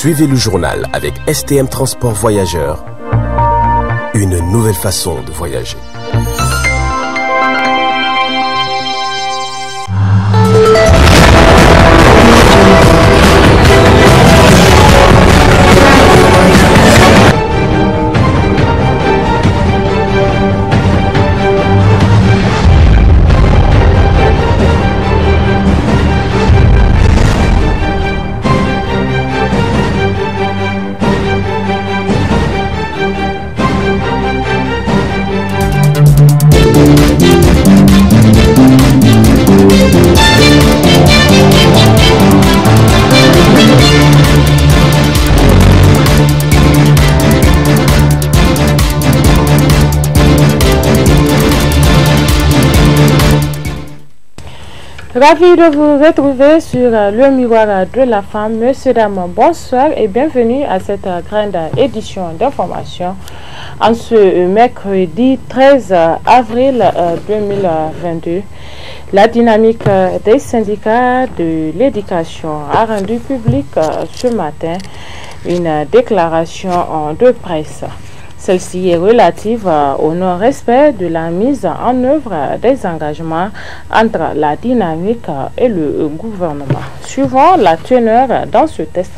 Suivez le journal avec STM Transport Voyageurs. Une nouvelle façon de voyager. Ravi de vous retrouver sur euh, le miroir euh, de la femme. Monsieur, dames, bonsoir et bienvenue à cette euh, grande édition d'information en ce mercredi 13 avril 2022. La dynamique des syndicats de l'éducation a rendu public ce matin une déclaration en de presse. Celle-ci est relative euh, au non-respect de la mise en œuvre des engagements entre la dynamique et le gouvernement. Suivant la teneur dans ce test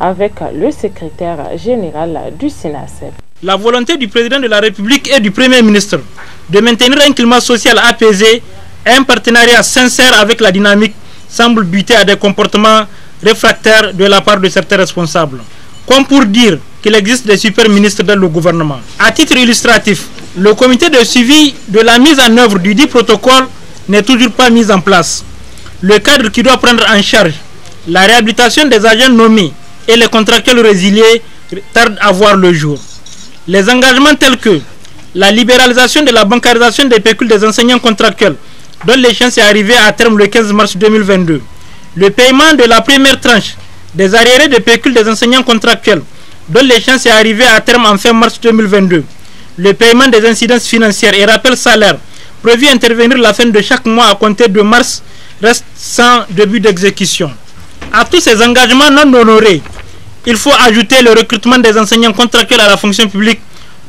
avec le secrétaire général du SINACEP. La volonté du président de la République et du Premier ministre de maintenir un climat social apaisé et un partenariat sincère avec la dynamique semble buter à des comportements réfractaires de la part de certains responsables. Comme pour dire il existe des super ministres dans le gouvernement. À titre illustratif, le comité de suivi de la mise en œuvre du dit protocole n'est toujours pas mis en place. Le cadre qui doit prendre en charge la réhabilitation des agents nommés et les contractuels résiliés tarde à voir le jour. Les engagements tels que la libéralisation de la bancarisation des pécules des enseignants contractuels, dont l'échéance est arrivée à terme le 15 mars 2022, le paiement de la première tranche des arriérés de pécules des enseignants contractuels dont l'échéance est arrivée à terme en fin mars 2022. Le paiement des incidences financières et rappel salaire prévu intervenir la fin de chaque mois à compter de mars reste sans début d'exécution. À tous ces engagements non honorés, il faut ajouter le recrutement des enseignants contractuels à la fonction publique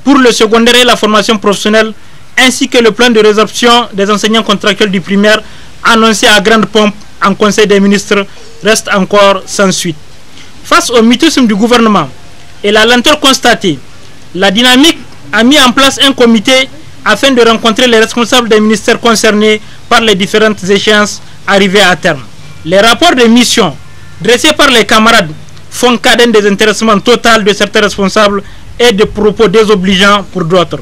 pour le secondaire et la formation professionnelle, ainsi que le plan de résorption des enseignants contractuels du primaire annoncé à grande pompe en Conseil des ministres reste encore sans suite. Face au mutisme du gouvernement, et la lenteur constatée, la dynamique a mis en place un comité afin de rencontrer les responsables des ministères concernés par les différentes échéances arrivées à terme. Les rapports de mission dressés par les camarades font cas d'un désintéressement total de certains responsables et de propos désobligeants pour d'autres.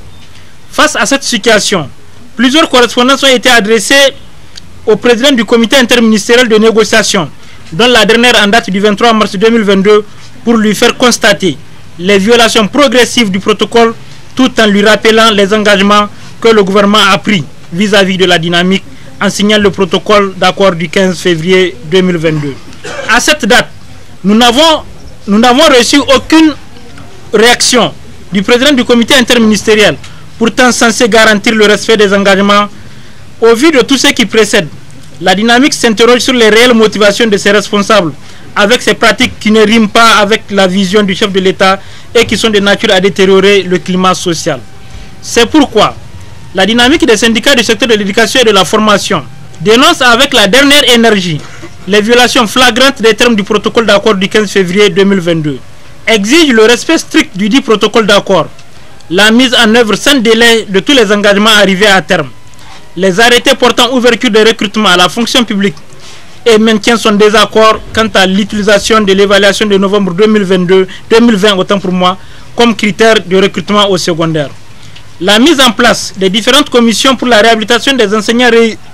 Face à cette situation, plusieurs correspondances ont été adressées au président du comité interministériel de négociation, dont la dernière en date du 23 mars 2022 pour lui faire constater les violations progressives du protocole tout en lui rappelant les engagements que le gouvernement a pris vis-à-vis de la dynamique en signant le protocole d'accord du 15 février 2022. À cette date, nous n'avons nous n'avons reçu aucune réaction du président du comité interministériel, pourtant censé garantir le respect des engagements. Au vu de tout ce qui précède, la dynamique s'interroge sur les réelles motivations de ses responsables avec ces pratiques qui ne riment pas avec la vision du chef de l'État et qui sont de nature à détériorer le climat social. C'est pourquoi la dynamique des syndicats du secteur de l'éducation et de la formation dénonce avec la dernière énergie les violations flagrantes des termes du protocole d'accord du 15 février 2022. Exige le respect strict du dit protocole d'accord, la mise en œuvre sans délai de tous les engagements arrivés à terme, les arrêtés portant ouverture de recrutement à la fonction publique et maintient son désaccord quant à l'utilisation de l'évaluation de novembre 2022, 2020 autant pour moi, comme critère de recrutement au secondaire. La mise en place des différentes commissions pour la réhabilitation des enseignants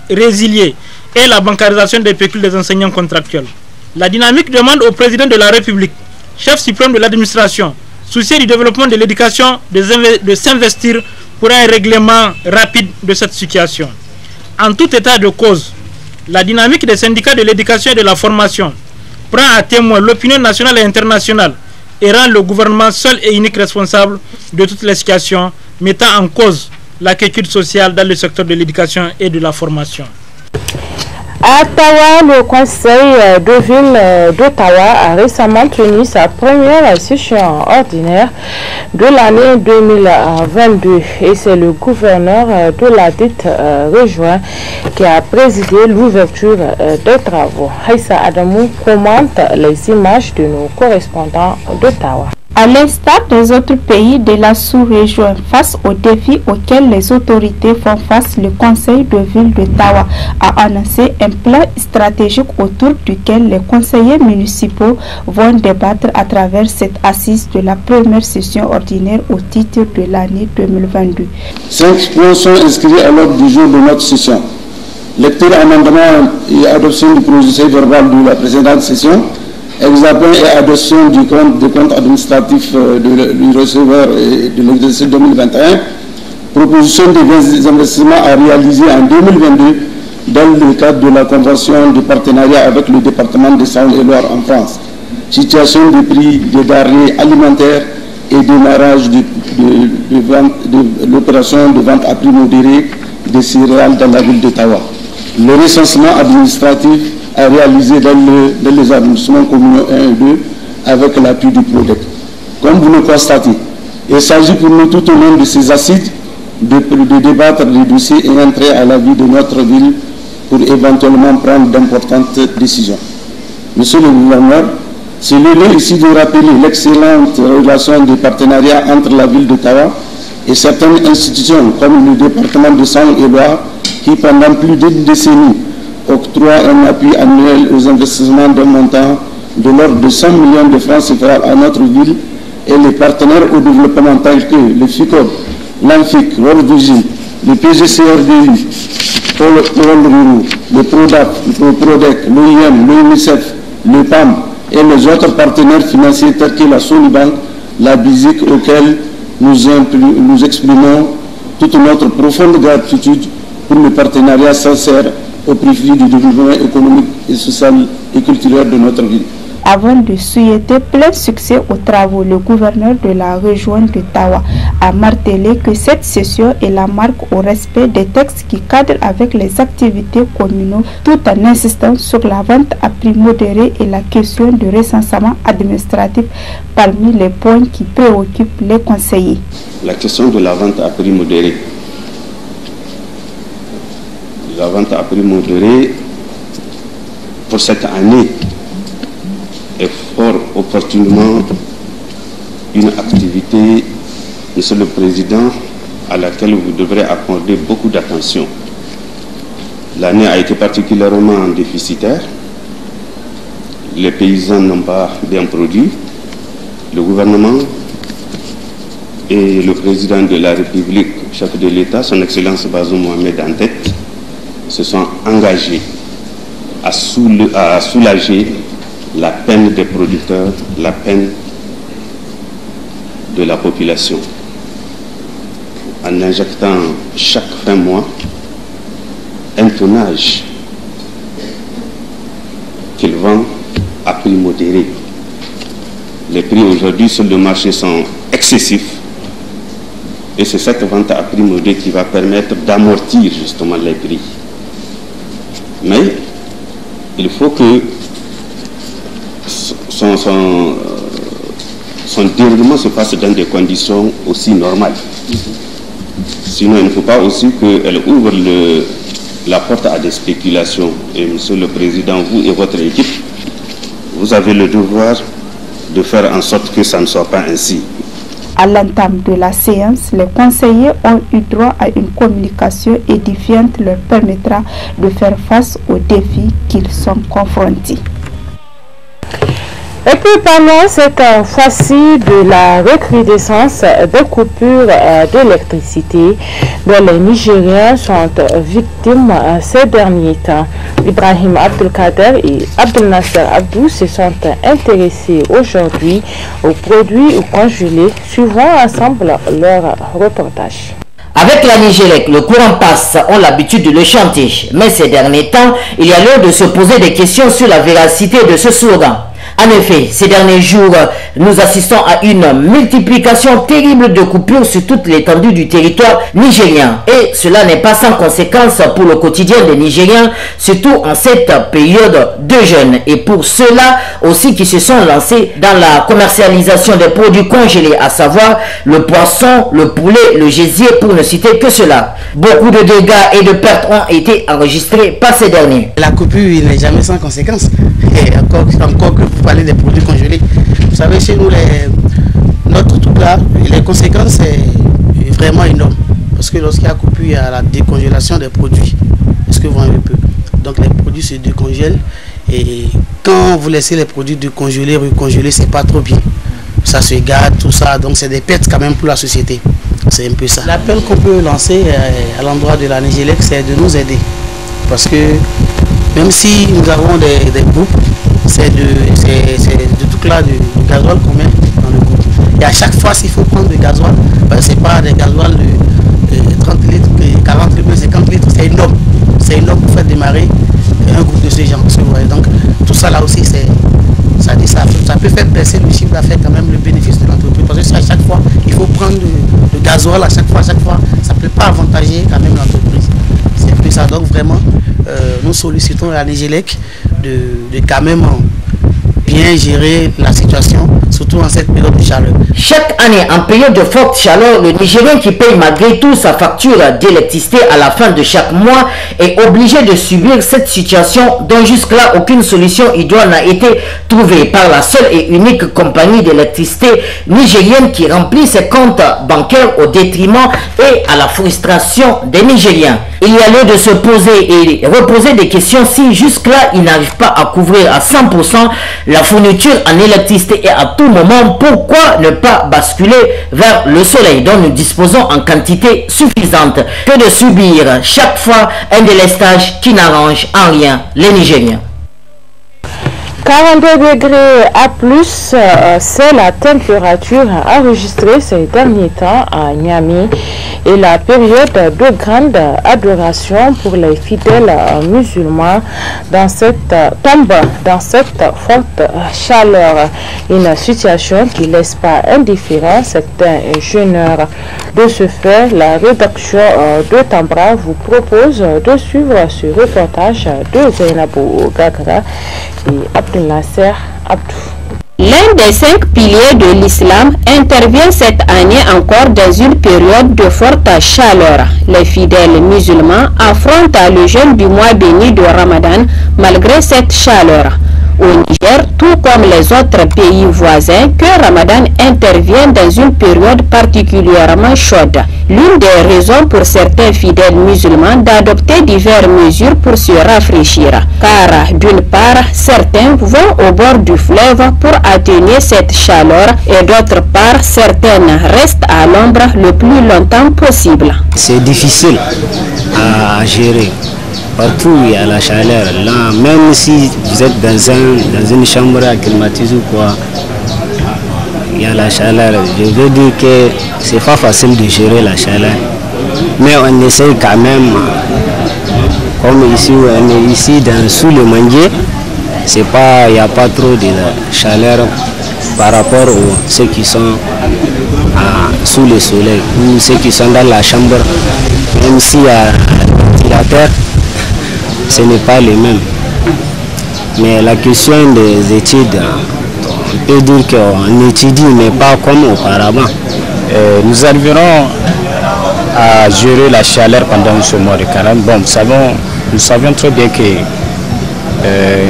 résiliés et la bancarisation des pécules des enseignants contractuels. La dynamique demande au président de la République, chef suprême de l'administration, soucié du développement de l'éducation, de s'investir pour un règlement rapide de cette situation. En tout état de cause, la dynamique des syndicats de l'éducation et de la formation prend à témoin l'opinion nationale et internationale et rend le gouvernement seul et unique responsable de toutes les situations mettant en cause la sociale dans le secteur de l'éducation et de la formation. Ottawa, le conseil euh, de ville euh, d'Ottawa a récemment tenu sa première session ordinaire de l'année 2022 et c'est le gouverneur euh, de la dite région qui a présidé l'ouverture des travaux. Haïssa Adamou commente les images de nos correspondants d'Ottawa. À l'instar des autres pays de la sous-région, face aux défis auxquels les autorités font face, le Conseil de ville de Tawa a annoncé un plan stratégique autour duquel les conseillers municipaux vont débattre à travers cette assise de la première session ordinaire au titre de l'année 2022. Cinq points sont inscrits à l'ordre du jour de notre session. Lecture, amendement et adoption du projet verbal de la précédente session examen et adoption du compte, compte administratif euh, du receveur euh, et de l'exercice 2021, proposition des investissements à réaliser en 2022 dans le cadre de la convention de partenariat avec le département de saint et en France, situation des prix des denrées alimentaires et démarrage de, de, l'opération de vente à prix modéré des céréales dans la ville de Tawa. Le recensement administratif à réaliser dans, les arrondissements communaux 1 et 2 avec l'appui du projet. Comme vous le constatez, il s'agit pour nous tout au long de ces assises de, de débattre des dossiers et entrer à la vie de notre ville pour éventuellement prendre d'importantes décisions. Monsieur le gouverneur, c'est l'heure ici de rappeler l'excellente relation de partenariat entre la ville de Tava et certaines institutions comme le département de Saint-Éloi qui pendant plus d'une décennie octroie un appui annuel aux investissements d'un montant de l'ordre de 100 millions de francs CFA à notre ville et les partenaires au développement tels que le FICOB, l'ANFIC, l'ORDUSI, le PGCRDI, le PRODAP, le PRODEC, l'OIM, l'UNICEF, le PAM et les autres partenaires financiers tels que la Solibank, la BISIC, auxquels nous exprimons toute notre profonde gratitude pour le partenariat sincère au profit du développement économique et social et culturel de notre ville. Avant de souhaiter plein succès aux travaux, le gouverneur de la région de Tawa a martelé que cette session est la marque au respect des textes qui cadrent avec les activités communaux tout en insistant sur la vente à prix modéré et la question du recensement administratif parmi les points qui préoccupent les conseillers. La question de la vente à prix modéré la vente à prix modéré pour cette année est fort opportunément une activité, Monsieur le Président, à laquelle vous devrez accorder beaucoup d'attention. L'année a été particulièrement déficitaire. Les paysans n'ont pas bien produit. Le gouvernement et le président de la République, chef de l'État, son Excellence Bazoum Mohamed en se sont engagés à, soulager la peine des producteurs, la peine de la population, en injectant chaque fin mois un tonnage qu'ils vendent à prix modéré. Les prix aujourd'hui sur le marché sont excessifs et c'est cette vente à prix modéré qui va permettre d'amortir justement les prix. Mais il faut que son, son, euh, déroulement se passe dans des conditions aussi normales. Sinon, il ne faut pas aussi qu'elle ouvre la porte à des spéculations. Et Monsieur le Président, vous et votre équipe, vous avez le devoir de faire en sorte que ça ne soit pas ainsi. À l'entame de la séance, les conseillers ont eu droit à une communication édifiante leur permettra de faire face aux défis qu'ils sont confrontés. Et puis parlons cette fois-ci de la recrudescence des coupures euh, d'électricité dont les Nigériens sont victimes euh, ces derniers temps. Ibrahim Abdelkader et Abdel Nasser Abdou se sont intéressés aujourd'hui aux produits congelés, suivant ensemble leur reportage. Avec la Nigélec, le courant passe, on l'habitude de le chanter. Mais ces derniers temps, il y a l'heure de se poser des questions sur la véracité de ce slogan. En effet, ces derniers jours, nous assistons à une multiplication terrible de coupures sur toute l'étendue du territoire nigérien. Et cela n'est pas sans conséquence pour le quotidien des Nigériens, surtout en cette période de jeûne. Et pour ceux-là aussi qui se sont lancés dans la commercialisation des produits congelés, à savoir le poisson, le poulet, le gésier, pour ne citer que cela. Beaucoup de dégâts et de pertes ont été enregistrés par ces derniers. La coupure n'est jamais sans conséquence encore, encore que vous parlez des produits congelés. Vous savez, chez nous, les, notre tout là, les conséquences, est vraiment énorme. Parce que lorsqu'il y a coupure, à la décongélation des produits. Est-ce que vous en avez peu Donc les produits se décongèlent. Et quand vous laissez les produits décongelés, recongeler, c'est pas trop bien. Ça se gâte, tout ça. Donc c'est des pertes quand même pour la société. C'est un peu ça. L'appel qu'on peut lancer euh, à l'endroit de la Nigélec, c'est de nous aider. Parce que même si nous avons des, groupes, c'est de, tout là du, gasoil qu'on met dans le groupe. Et à chaque fois, s'il faut prendre du gasoil, ben, ce n'est pas des gasoil de, 30 litres, 40 litres, 50 litres, c'est énorme. C'est énorme pour faire démarrer un groupe de ces gens. Donc tout ça là aussi, ça, ça, peut faire baisser le chiffre d'affaires quand même le bénéfice de l'entreprise. Parce que à chaque fois, il faut prendre du gasoil à chaque fois, à chaque fois, ça ne peut pas avantager quand même l'entreprise c'est plus ça. Donc vraiment, euh, nous sollicitons la Nigélec de, de, quand même bien gérer la situation surtout en cette période de chaleur. Chaque année, en période de forte chaleur, le Nigérien qui paye malgré tout sa facture d'électricité à la fin de chaque mois est obligé de subir cette situation dont jusque-là aucune solution idoine n'a été trouvée par la seule et unique compagnie d'électricité nigérienne qui remplit ses comptes bancaires au détriment et à la frustration des Nigériens. Il y a lieu de se poser et reposer des questions si jusque-là il n'arrive pas à couvrir à 100% la fourniture en électricité et à tout moment, pourquoi ne pas basculer vers le soleil dont nous disposons en quantité suffisante que de subir chaque fois un délestage qui n'arrange en rien les Nigériens 42 degrés à plus, euh, c'est la température enregistrée ces derniers temps à Niamey et la période de grande adoration pour les fidèles euh, musulmans dans cette euh, tombe, dans cette forte chaleur. Une situation qui laisse pas indifférent certains jeunes. De ce fait, la rédaction de Tambra vous propose de suivre ce reportage de Zainabou Gagra et L'un des cinq piliers de l'islam intervient cette année encore dans une période de forte chaleur. Les fidèles musulmans affrontent le jeûne du mois béni de Ramadan malgré cette chaleur au Niger, tout comme les autres pays voisins, que Ramadan intervient dans une période particulièrement chaude. L'une des raisons pour certains fidèles musulmans d'adopter diverses mesures pour se rafraîchir, car d'une part, certains vont au bord du fleuve pour atténuer cette chaleur et d'autre part, certaines restent à l'ombre le plus longtemps possible. C'est difficile à gérer Partout il y a la chaleur. Là, même si vous êtes dans, une chambre à ou quoi, il y a la chaleur. Je veux dire que c'est pas facile de gérer la chaleur. Mais on essaye quand même. Comme ici, on est ici dans, sous le manier c'est pas, il n'y a pas trop de chaleur par rapport aux ceux qui sont sous le soleil ou ceux qui sont dans la chambre. Même s'il y a un ce n'est pas le même. Mais la question des études, on peut dire qu'on étudie, mais pas comme auparavant. Euh, nous arriverons à gérer la chaleur pendant ce mois de carême. Bon, nous savons, nous savions très bien que euh,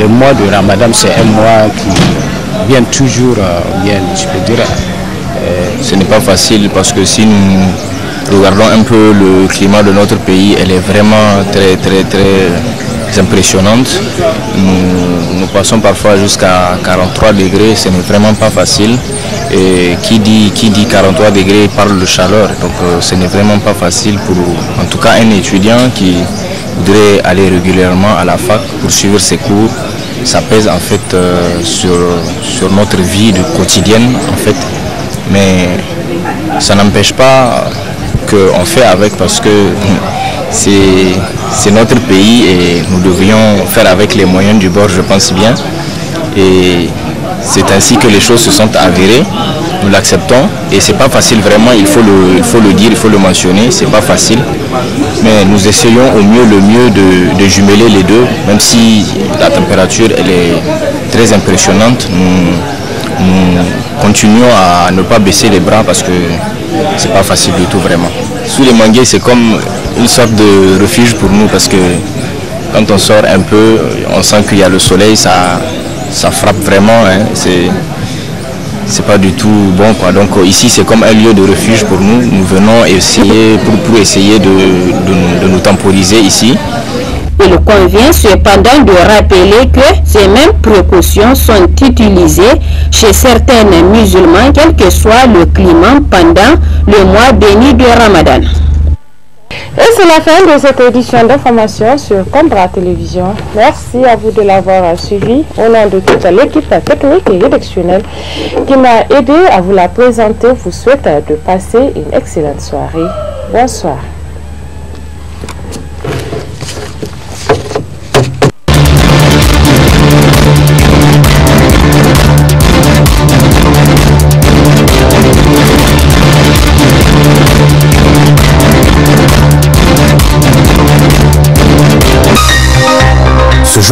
le mois de Ramadan, c'est un mois qui vient toujours, euh, bien, je peux dire. ce n'est pas facile parce que si nous regardons un peu le climat de notre pays, elle est vraiment très très très impressionnante. Nous, passons parfois jusqu'à 43 degrés, ce n'est vraiment pas facile. Et qui dit, qui dit 43 degrés parle de chaleur, donc euh, ce n'est vraiment pas facile pour en tout cas un étudiant qui voudrait aller régulièrement à la fac pour suivre ses cours. Ça pèse en fait euh, sur, sur notre vie quotidienne en fait. Mais ça n'empêche pas qu'on fait avec parce que c'est notre pays et nous devrions faire avec les moyens du bord, je pense bien. Et c'est ainsi que les choses se sont avérées. Nous l'acceptons et c'est pas facile vraiment, il faut, le, faut le dire, il faut le mentionner, c'est pas facile. Mais nous essayons au mieux le mieux de, de, jumeler les deux, même si la température elle est très impressionnante nous hmm. continuons à ne pas baisser les bras parce que c'est pas facile du tout vraiment. Sous les manguiers, c'est comme une sorte de refuge pour nous parce que quand on sort un peu, on sent qu'il y a le soleil, ça, ça frappe vraiment. Hein. C'est, pas du tout bon quoi. Donc ici c'est comme un lieu de refuge pour nous. Nous venons essayer pour, pour essayer de nous temporiser ici il convient cependant de rappeler que ces mêmes précautions sont utilisées chez certains musulmans, quel que soit le climat pendant le mois béni de Ramadan. Et c'est la fin de cette édition d'information sur Combra Télévision. Merci à vous de l'avoir suivi au nom de toute l'équipe technique et rédactionnelle qui m'a aidé à vous la présenter. je Vous souhaite de passer une excellente soirée. Bonsoir.